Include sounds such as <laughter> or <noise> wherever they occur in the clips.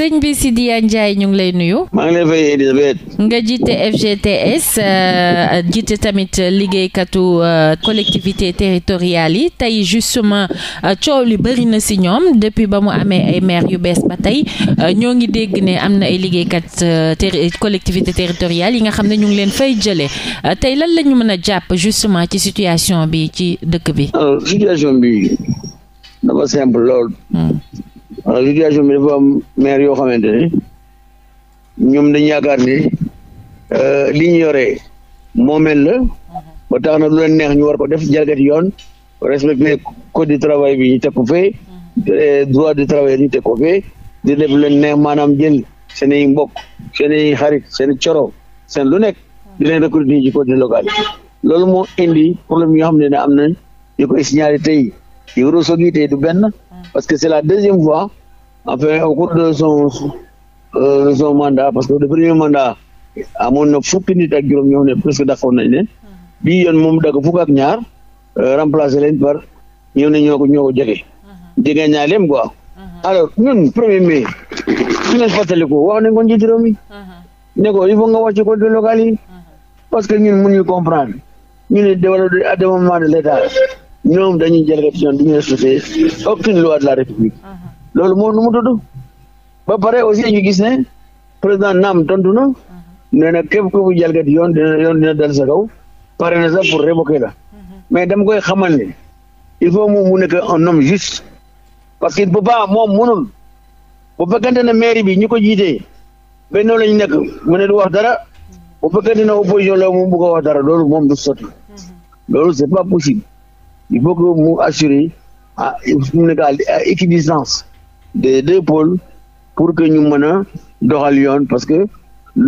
sëñ bi Sidya Ndiaye ñu ngi lay nuyu. maa ngi lay fay Elisabeth. nga jiite FGTS euh, jiite tamit liggéeykatu euh, collectivité territoriale yi tey justement euh, coow li bëri na si ñoom depuis ba mu amee ay maire yu bees ba tey ñoo ngi dégg ne am na ay liggéeykat collectivité territoriale yi nga xam ne ñu ngi leen fay jëlee tey lan la ñu mën a jàpp justement ci situation bi ci dëkk bi. situation bi dafa simple lool. Hmm. a situation bi dafa maire yoo xamante ne ñoom dañu yaakaar ne euh, li ñu yoree moomeel la ba tax na lu leen neex ñu warko ko def jalgati yoon respecté code du travail bi ñu teg ko fee euh, droit ñu teg ko fee di def le leen neex maanaam jël seen i mbokk seen i xarit seen i coro seen lu nekk di leen recruter ci code local loolu moo indi problème yoo xam ne ne am na ñu koy signalé tey yu réseau du benn. parce que c'est la deuxième fois, enfin, au cours de son, euh, de son parce que le premier mandat, amoon fukki nit ak juróom ñoo ne presque d'accord nañ ne mmh. bii yoon moom ak ñaar euh, remplacer par ñëw ne jege mmh. jege ñaaleem quoi mmh. alors ñun premier mai su ngeen fàttaliku wax nañ ne ko il faut nga wàcc ko parce que ñun mënuñu comprendre ñu ne développement ñoom dañuy jël révision du ñu respecté aucune loi de la république uh-huh. loolu moom nu mu ba pare aussi ñu gis ne président naam tontu na uh-huh. nee na képp ku jalgati yoon dina yoon dina dal sa kaw pare na sax pour révoquer la uh-huh. mais dama koy xamal ne il faut moom mu nekk un homme juste parce que il peut pas moom mënul bu fekkente ne mairie bi ñu ko jiitee bennoo la ñu nekk mu ne du wax dara bu fekkente ne opposition la moom bu ko wax dara loolu moom du sotti loolu c'est pas possible il faut que mu assurer ah mu nekk à deux pôles pour que ñu mën a yoon parce que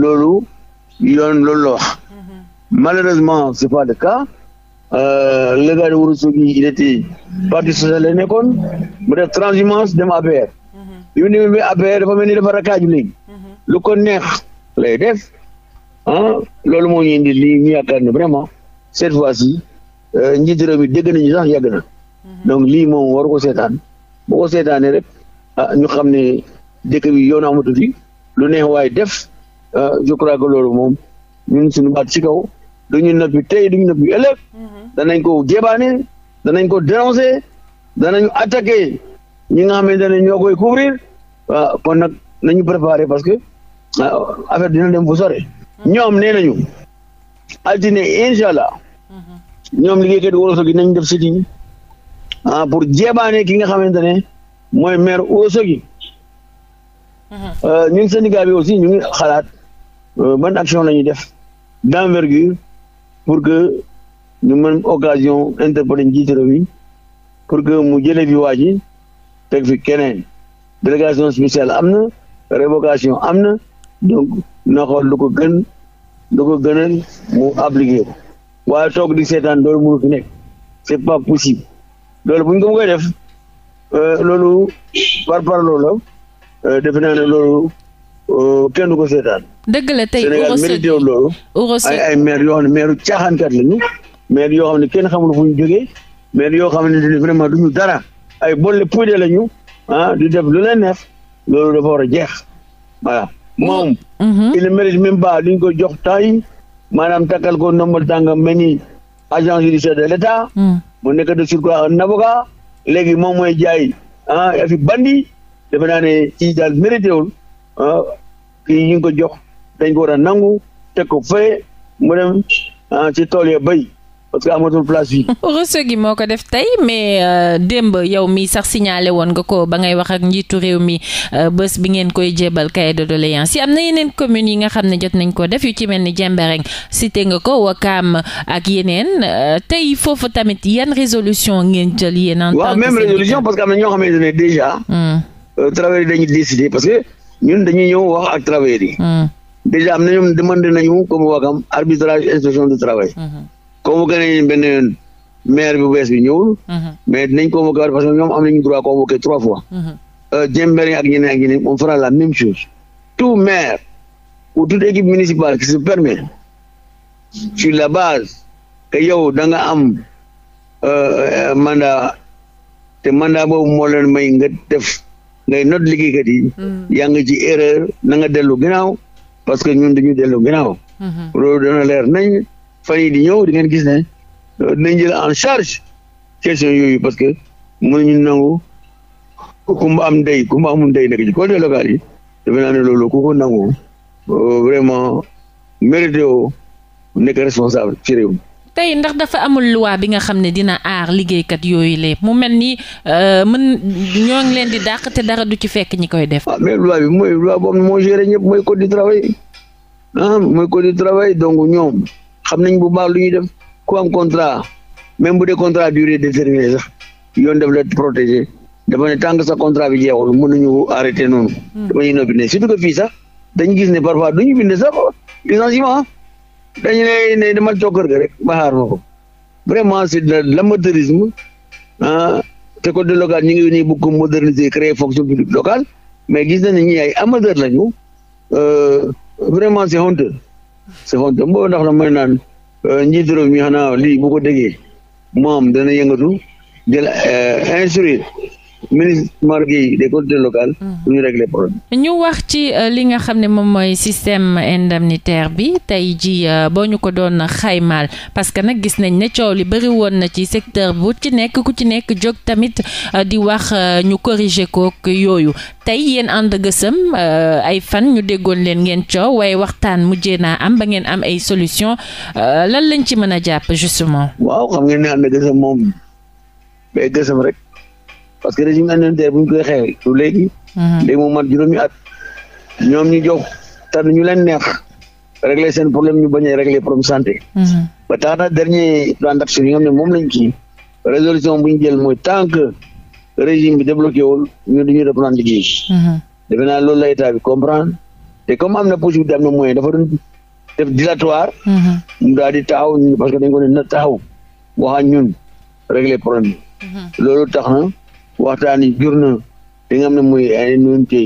loolu yoon loolu la wax malheureusement c'est pas le cas euh, le gars de Ourossogui il était parti social la nekkoon mu def transhumance dem APR bi mu demee APR dafa mel ni dafa rakkaaju léegi lu ko def ah moo ñu indi lii vraiment cette fois Euh, njiitu réew mi dégg nañu sax yàgg mhm. donc lii moom waru ko seetaan bu seetaanee rek ah, ñu xam ne dëkk bi yoon amatu fi lu neex waaye def ah, je crois que loolu moom ñun suñu baat ci kaw duñu noppi tey duñu noppi ëllëg mhm. danañ ko jébaane danañ ko dénoncer danañu attaquer ñu nga xamante ne ñoo koy couvrir ah, kon nag nañu préparer parce que affaire dina dem fu sore mhm. ñoom nee nañu altine incha allah ñoom liggéeykat Ourossogui nañu def sit ah pour jeebaane ki nga xamante ne mooy maire Ourossogui mhm. euh, ñun syndicat bi aussi ñu ngi xalaat euh, ban action la ñuy def d'envergure pour que ñu mën occasion interpeller njiitu réew pour que mu jële fi waa ji teg fi keneen délégation spéciale am na révocation am na donc na xool lu ko gën lu ko gënal mu appliqué ko waaye toog di seetaan loolu mënu fi nekk c'est pas possible loolu bu ñu ko koy def euh, loolu par par loolu la euh, defe naa ne loolu euh, kenn du ko seetaan. dëgg la tey Sénégal mérité woon loolu. ay ay maire yoo xam ne maire caaxaankat lañu. maire yoo xam ne kenn xamul fu ñu jógee maire yoo xam ne vraiment duñu dara ay bolle puudar lañu ah du def lu leen neex loolu dafa war a jeex voilà moom. Mhm. il ne mérite même ñu ko jox maanaam takkal ko ndombal tàngam mel ni agent judiciaire de l' état. Hmm. mu nekk de surcroît un avocat. léegi moom mooy jaay ah fi bandi defe naa ne ci daal mérité wul ah ñu ngi ko jox dañ ko war a nangu teg ko fee mu dem ah ci tool ya béy. parce que amatul place fii. <laughs> Ourossogui gi moo ko def tey mais euh, démb yow mi sax signalé woon nga ko ba ngay wax ak njiitu réew mi euh, bés bi ngeen koy jébal cahier de doléance yi am na yeneen communes yi nga xam ne jot nañ ko def yu ci mel ni si cité nga ko Wakaam ak yeneen euh, tey foofu tamit yan résolution ngeen jël yéen. en tant que même résolution parce que am na ñoo xamante ne déjà. Hmm. travailleurs yi dañuy décider parce que ñun dañuy ñëw wax ak travailleurs yi. Hmm. am na ñoom demandé nañu comme arbitrage inspection du travail. Hmm. convoqué nañu benn yoon maire bu bees bi ñëwul. Mhm. mais dinañ convoqué waat parce que ñoom am nañu droit convoqué trois fois. Mhm. Euh, Dieng Mbering ak ñeneen ak ñeneen on fera la même chose tout maire ou toute équipe municipale qui se permet sur la base que yow da nga am euh, mandat te mandat boobu moo leen may nga def ngay not liggéeykat yi. Mhm. yaa ngi ci erreur na nga dellu ginnaaw parce que ñun dañu dellu ginnaaw. loolu dana leer nañ. fan yii di ñëw di ngeen gis ne euh, dinañ jël en charge question yooyu parce que mënuñu nangu ku am ndey ku mu amul ndey nekk ci collectivités locales ne loolu ku ko nangu euh, vraiment mérité woo ci réew tey ndax dafa amul loi bi nga xam ne dina aar liggéey kat yooyu le mu mel ni euh, mën ñoo ngi leen di dàq te dara du ci fekk ñi koy def. ah mais loi bi mooy loi boobu moo géré ñëpp mooy code du travail ah, mooy code du travail donc ñoom xam nañ bu baax lu ñu def ku am contrat même de dee contrat de déterminée sax yoon def la protéger dafa ne tant que sa contrat bi jeexul mënuñu arrêté noonu. Hmm. dafa ñuy noppi ne surtout que fii sax dañ gis ne parfois ñu bind sax licenciement dañu lay ne dama toog kër ga rek ba xaar ma ko vraiment c' est de l' ah, te code de local ñu ngi nii bëgg ko moderniser créer fonction publique locale mais gis na ne ñi ay amateurs lañu euh, vraiment c' est second tomb boobu ndax nag mooy naan euh, njiitu réew mi xanaa lii bu ko déggee moom dana yëngatu jël euh, instruire ministre Mar Gueye des collectivités locales. Hmm. ñu wax ci euh, li nga xam ne moom mooy système indemnitaire bi tey ji euh, boo ñu ko doon xaymaal parce que nag gis nañ ne coow li bëri woon na ci secteur bu ci nekk ku ci nekk jóg tamit euh, di wax ñu corriger kook yooyu tey yéen ànd gësëm ay fan ñu déggoon leen ngeen coow waaye waxtaan mujjee naa am ba ngeen am ay solution lan lañ ci mën a jàpp justement waaw xam ngeen ne ànd gësëm moom bay gësëm rek. parce que régime alimentaire bu ñu koy xeex lu léegi. Mhm. léegi mu mat juróomi at ñoom ñu jóg tànn ñu leen neex régler seen problème ñu bañ a régler problème santé. Mhm. ba tax na dernier plan d'action yi nga xam ne moom lañ kii résolution bu ñu jël mooy tant que régime bi débloqué wul ñu duñu reprendre liggéey. Mhm. defe naa loolu la état comprendre te comme am na possibilité am na moyen dafa doon def dilatoire. mu daal di parce que dañ na taxaw waxaan ñun régler problème loolu tax waxtaan yi jur na li nga xam ne muy ay nuunte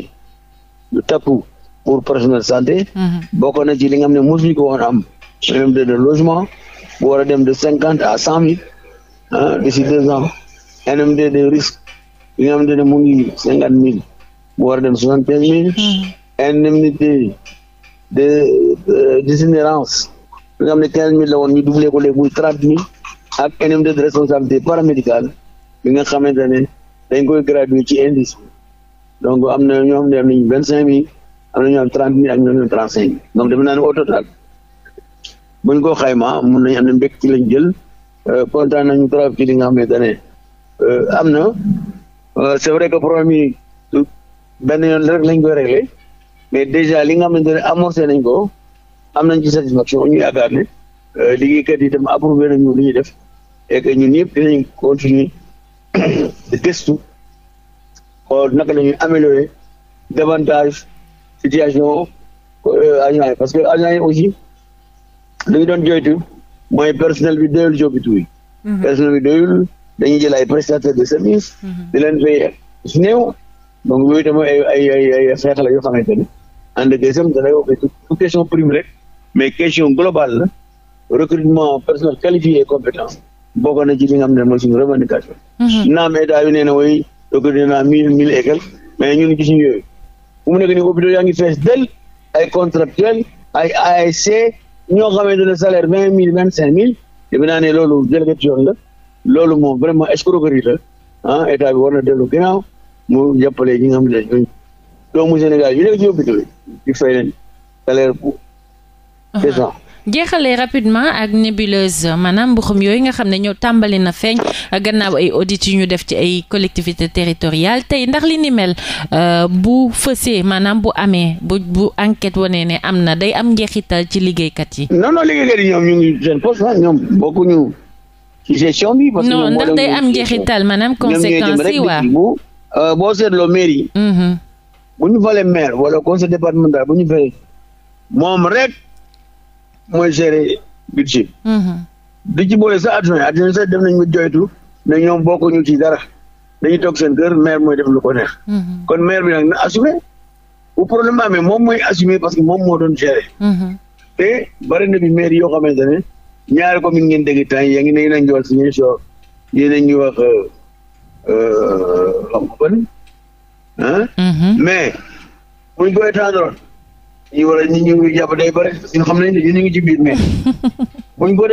lu takku pour personnel santé. Mhm. bokk na ci li nga xam ne mosuñu ko de logement bu war dem de cinquante à cent mille ah d'ici deux ans NMD de risque li nga xam ne mu ngi cinquante mille bu war a dem soixante quinze mille. indemnité mhm. de euh, d'itinérance li nga xam ne quinze la woon ñu doublé ko léegi muy trente mille ak NMD de responsabilité paramédicale bi nga xamante dañ koy graduer ci indice donc am na ñoo xam ne am nañu vingt cinq mille am na ñoo xam trente mille ak ñoo xam trente cinq donc defe naa ne au total buñ ko xayma mun nañ am ne mbég ci lañ jël euh, kontaan nañu trop ci li nga xam ne dane euh, am na euh, c'est vrai que problème yi benn yoon rek lañ koy réglé mais déjà li nga xamante ne amorcé nañ ko am nañ ci satisfaction ñu yaakaar ne liggéeykat yi itam approuvé nañu li ñuy def et ñëpp dinañ continuer di gëstu xool naka la ñuy améliorer davantage situation euh, agents yi parce que agents yi aussi li doon joytu mooy personnel bi doyul hôpitaux yi mhm. personnel bi doyul dañuy jël ay de service mhm. di leen fay su néew donc yooyu tamit ay ay ay ay xeex la yoo xamante ni en deuxième da ngay wax question prime rek mais question globale recrutement personnel qualifié et compétent bokk na ci li nga xam ne naam état bi nee na woy mais ñun gisuñu yooyu bu mu nekk nii hôpital yaa ngi fees del ay contractuel ay ASC ñoo xamante ne salaire vingt mille vingt cinq mille defe naa ne loolu délégation la loolu moom vraiment escroquerie la ah état bi war na dellu ginnaaw mu jàppale ñi nga xam ne ñooñu doomu Sénégal yu nekk ci hôpital yi di salaire bu mhm. décent jeexalee rapidement ak nébuleuse maanaam mbuxum yooyu nga xam ne ñoo tàmbali na feeñ gannaaw ay audits yu ñu def ci ay collectivités territoriales tey ndax li ni mel euh, bu fësee maanaam bu amee bu bu enquête wanee ne am na day am njeexital ci liggéeykat yi. non non liggéeykat ñoom ñu ngi seen poste ah, ñoom bokkuñu ci gestion bi. parce que non ndax day am njeexital maanaam conséquences yi waa euh, boo seetloo mairie. Mhm. bu ñu falee maire wala conseil départemental bu ñu falee moom mooy gérer budget mm-hmm. du ci boole sa adjoint adjoint sax dem nañ mu joytu ne ñoom bokkuñu ci dara dañuy toog seen kër maire mooy def lu ko neex mm-hmm. kon maire bi nag na assumer bu moom mooy assumer parce que moom moo doon gérer mm-hmm. te bari na bi maire yoo xamante ne ñaari commune ngeen dégg temps yaa ngi ne yéen a ngi wax si ñun soo yéen a ngi wax euh, euh, xam ñi wala a ñu ngi jàpp day bëri xam nañ ne ñu ngi ci biir mais <laughs> buñ ko <laughs>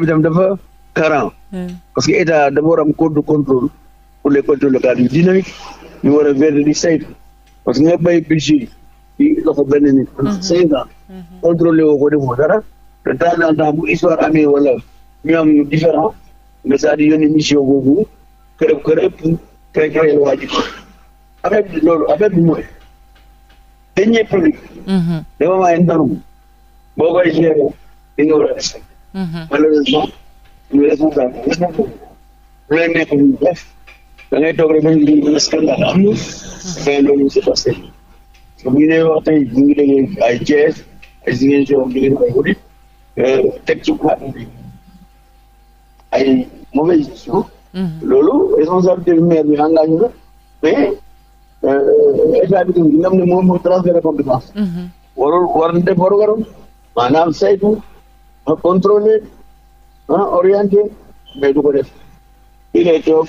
bi tam dafa garant parce que état dafa war am code de contrôle pour les contrôles locales yu a verdi bi loxo benn nit mhm. cinq ans mhm. contrôlé woo ko defoo dara de temps en temps bu histoire amee wala ñu am différent nga saa di mission boobu kërëb kërëb kërëb kërëb waa ji affaire bi loolu affaire bi mooy deniers publics. Mhm. dafa may norme boo koy gérer di a respecté. Mhm. malheureusement ñu responsable lu leen nekk ñu def da ngay toog rek ba ñu gën a scandale am na. mais mhm. loolu c'est euh, loolu responsabilité maire bi engagé na mais Euh, état bi tamit nga xam ne moom mooy transfert de compétence. Mhm. warul war na def warugaram a contrôler ah orienté mais du ko def fii lay toog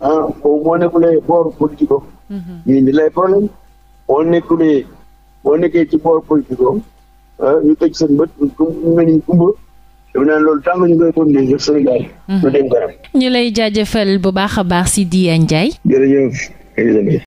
ah boobu moo nekkulee boor politico. Mhm. ñu indi lay problème boo nekkulee boo nekkee ci boor politico ah, ñu tëj seen bët ñu mel ni kumba dama naan loolu tàng ñu koy continuer jox Sénégal. ñu mhm. dem kanam. ñu lay jaajëfal bu baax a baax Sidya Ndiaye. jërëjëf. It is amazing.